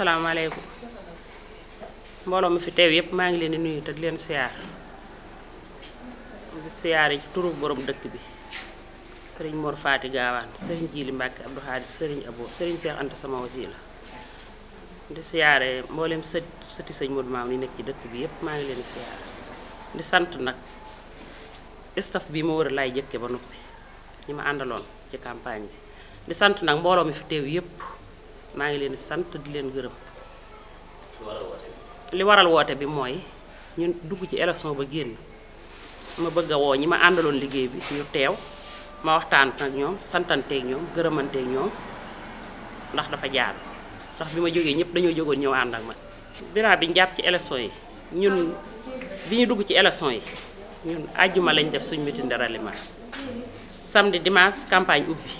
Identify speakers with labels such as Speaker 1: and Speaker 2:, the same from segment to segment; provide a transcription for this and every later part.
Speaker 1: salaamaaleykum mbooloo mi fi teew yëpp maa ngi leen di nuyu te di leen siyaar di siyaare ci turu borom dëkk bi sëriñ moor Faati Gaawaan sëriñ Jiili Mbàkke Abdou Xaadir sëriñ Abo sëriñ Seex Anta sama wasiila di siyaare mboolem sët sëti sëñ Modou Maam yi nekk ci dëkk bi yëpp maa ngi leen di siyaare di sant nag staf bii ma wër a laay jëkke ba noppi ñi ma àndaloon ci campagne bi di sant nag mbooloo mi fi teew yépp maa ngi leen sant di leen gërëm. li waral woote bi mooy ñun dugg ci élection ba génn ma bëgg a woo ñi ma àndaloon liggéey bi ñu teew ma waxtaan ak ñoom santanteeg ñoom gërëmanteeg ñoom ndax dafa jaar ndax bi ma jógee ñëpp dañoo jógoon ñëw ànd ak ma. biraa bi ñu jàpp ci élection yi ñun bi ñu dugg ci élection yi ñun àjjuma lañ def suñ meeting de ralliement samedi dimanche campagne ubbi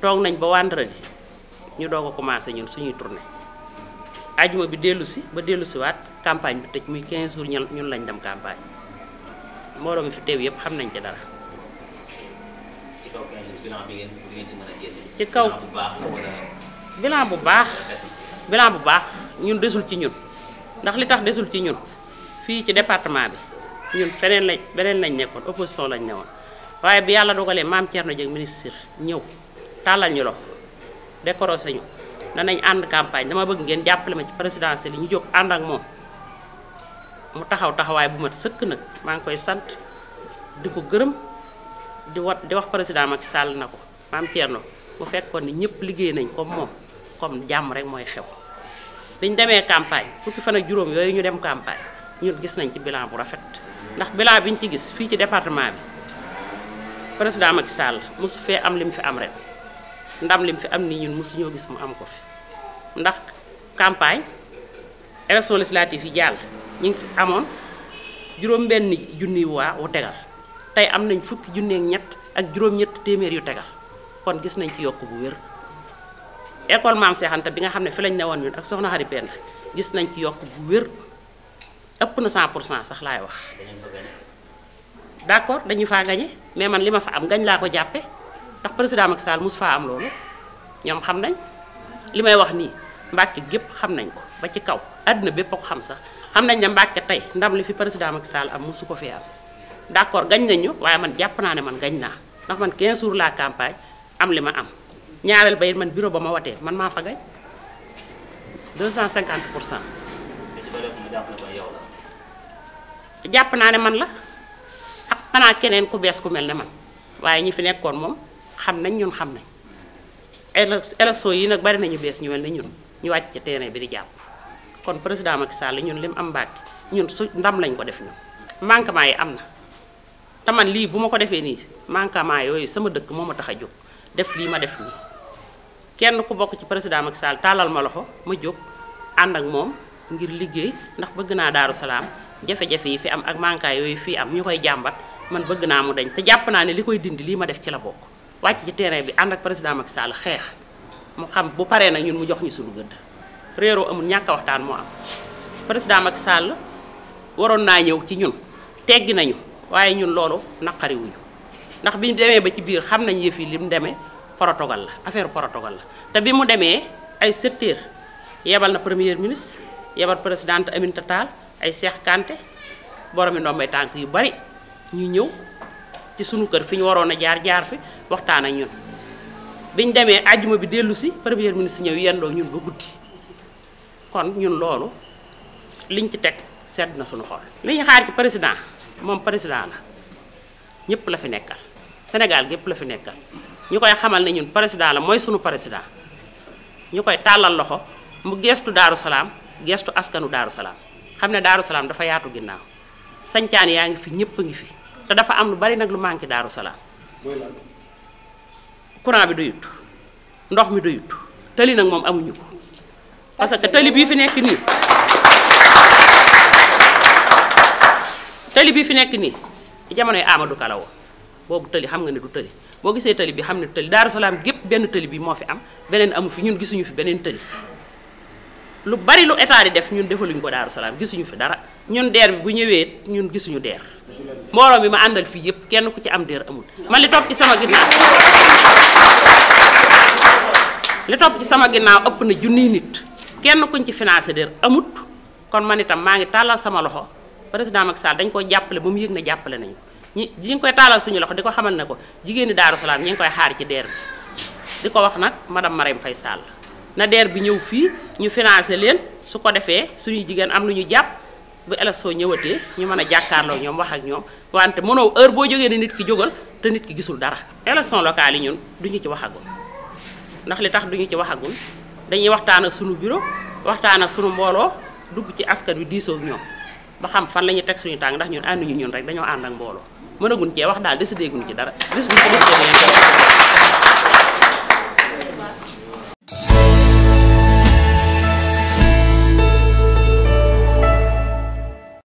Speaker 1: toog nañ ba vendredi. ñu doog a commencé ñun suñuy tournée ajuma bi dellu si ba dellu si waat campagne bi tëj muy 15 jours ñun lañ dem campagne mbooloo mi fi teew yëpp xam nañ ci dara. ci kaw 15 ci mën a génn. bu baax la bu baax. ñun desul ci ñun ndax li tax desul ci ñun fii ci département bi ñun feneen lañ beneen lañ nekkoon opposition lañ newoon waaye bi yàlla dogalee maam na Dieng ministre ñëw tàllal ñu loxo. décorosé ñu danañ ànd campagne dama bëgg ngeen jàppale ma ci présidentielle yi ñu jóg ànd ak moom mu taxaw taxawaay bu mat sëkk nag maa ngi koy sant di ko gërëm di wat di wax président Macky Sall na ko maam Thierno mu fekkoon ni ñëpp liggéey nañ comme moom comme jàmm rek mooy xew biñ demee campagne fukki fan ak juróom yooyu ñu dem campagne ñun gis nañ ci bilan bu rafet ndax bilan ñu ci gis fii ci département bi président Macky Sall mosu fee am li mu fi am ren ndam lim fi am nii ñun mosuñoo gis mu am ko fi ndax campagne élection législative yi jàll ñu ngi fi amoon juróom benn junni waa wu tegal tey am nañ fukki junneeg ñett ak juróom-ñett téeméer yu tegal kon gis nañ ci yokk bu wér école maam Cheikh bi nga xam ne fi lañ ne woon ñun ak soxna Xari Penda gis nañ ci yokk bu wér ëpp na 100 pour cent sax laay wax d'accord dañu faa gañe mais man li ma fa am gañ laa ko jàppe ndax président Macky Sall mos faa am loolu ñoom xam nañ li may wax nii Mbàkke gépp xam nañ ko ba ci kaw àddina bépp a xam sax xam nañ ne Mbàkke tey ndam li fi président Macky Sall am mosu ko fi am d'accord gañ nañu waaye man jàpp naa ne man gañ naa ndax man 15 jours la campagne am li ma am ñaareel ba it man bureau ba ma watee man maa fa gañ 250 pour cent jàpp naa ne man la ak xanaa keneen ku bees ku mel ne man waaye ñi fi nekkoon moom xam nañ ñun xam nañ élection yi nag bari nañu bees ñu mel ni ñun ñu wàcc ci terrain bi di jàpp kon président Macky Sall ñun lim am Mbàkke ñun su ndam lañ ko def ñun manquement yi am na te man lii bu ma ko defee nii manquement yooyu sama dëkk moom a tax a jóg def lii ma def nii kenn ku bokk ci président Macky Sall tàllal ma loxo ma jóg ànd ak moom ngir liggéey ndax bëgg naa Daaru Salaam jafe-jafe yi fi am ak manquement yooyu fii am ñu koy jàmbat man bëgg naa mu dañ te jàpp naa ne li koy dindi lii ma def ci la bokk wàcc ci terrain bi ànd ak président Macky Sall xeex mu xam bu paree na ñun mu jox ñu suñu gëdd réeroo amul ñàkk waxtaan moo am président Macky Sall waroon naa ñëw ci ñun teggi nañu waaye ñun loolu naqariwuñu ndax bi demee ba ci biir xam nañ yëf yi li mu demee protocole la affaire protocole la te bi mu demee ay secteur yebal na premier ministre yebal présidente Aminata Tall ay Cheikh Kanté boromi may tànk yu bari ñu ñëw ci sunu kër fi ñu waroon a jaar jaar fi waxtaan a ñun biñ demee àjjuma bi dellu si premier si ñëw yendoo ñun ba guddi kon ñun loolu liñ ci teg sedd na sunu xol. li ñu xaar ci président moom président la ñëpp la fi nekkal Sénégal gépp la fi nekkal ñu koy xamal ne ñun président la mooy sunu président ñu koy tàllal loxo mu geestu Daaru Salaam geestu askanu Daaru Salaam xam ne Daaru Salaam dafa yaatu ginnaaw sañcaan yaa ngi fi ñëpp a ngi fi. te dafa am lu bari nag lu manqué Daaru Salaam courant bi doyut ndox mi doyut tëli nag moom amuñu ko parce que tëli bii fi nekk nii tëli bii fi nekk nii jamonoy Amadou Kala woon boobu tëli xam nga ne du tëli boo gisee tëli bi xam ne du tëli Daaru Salaam gépp benn tëli bi moo fi am beneen amu fi ñun gisuñu fi beneen tëli lu bari lu état di def ñun defaluñ ko Daaru Salaam gisuñu fi dara ñun deer bi bu ñëwee ñun gisuñu deer mbooloo bi ma àndal fii yëpp kenn ku ci am deer amul man li topp ci sama ginnaaw li topp ci sama ginnaaw ëpp na junniy nit kenn kuñ ci financé deer amut kon man itam maa ngi tàllal sama loxo président Macky Sall dañ koy jàppale ba mu yëg ne jàppale nañu ñi ñi koy tàllal suñu loxo di ko xamal ne ko jigéeni Daaru Salaam ñi ngi koy xaar ci deer bi di ko wax nag madame Marème Faye saal na DER bi ñëw fii ñu financé leen su ko defee suñu jigéen am lu ñu jàpp bu élection ñëwatee ñu mën a jàkkaarloo ñoom wax ak ñoom wante mënoo heure boo jógee ne nit ki jógal te nit ki gisul dara. élection locale yi ñun duñu ci waxagul ndax li tax duñu ci waxagul dañuy waxtaan ak suñu bureau waxtaan ak sunu mbooloo dugg ci askan wi diisoo ak ñoom ba xam fan lañu ñuy teg suñu tàng ndax ñun ànduñu ñun rek dañoo ànd ak mbooloo mënaguñ cee wax daal décidé guñ ci dara bis bu ñu ko décidé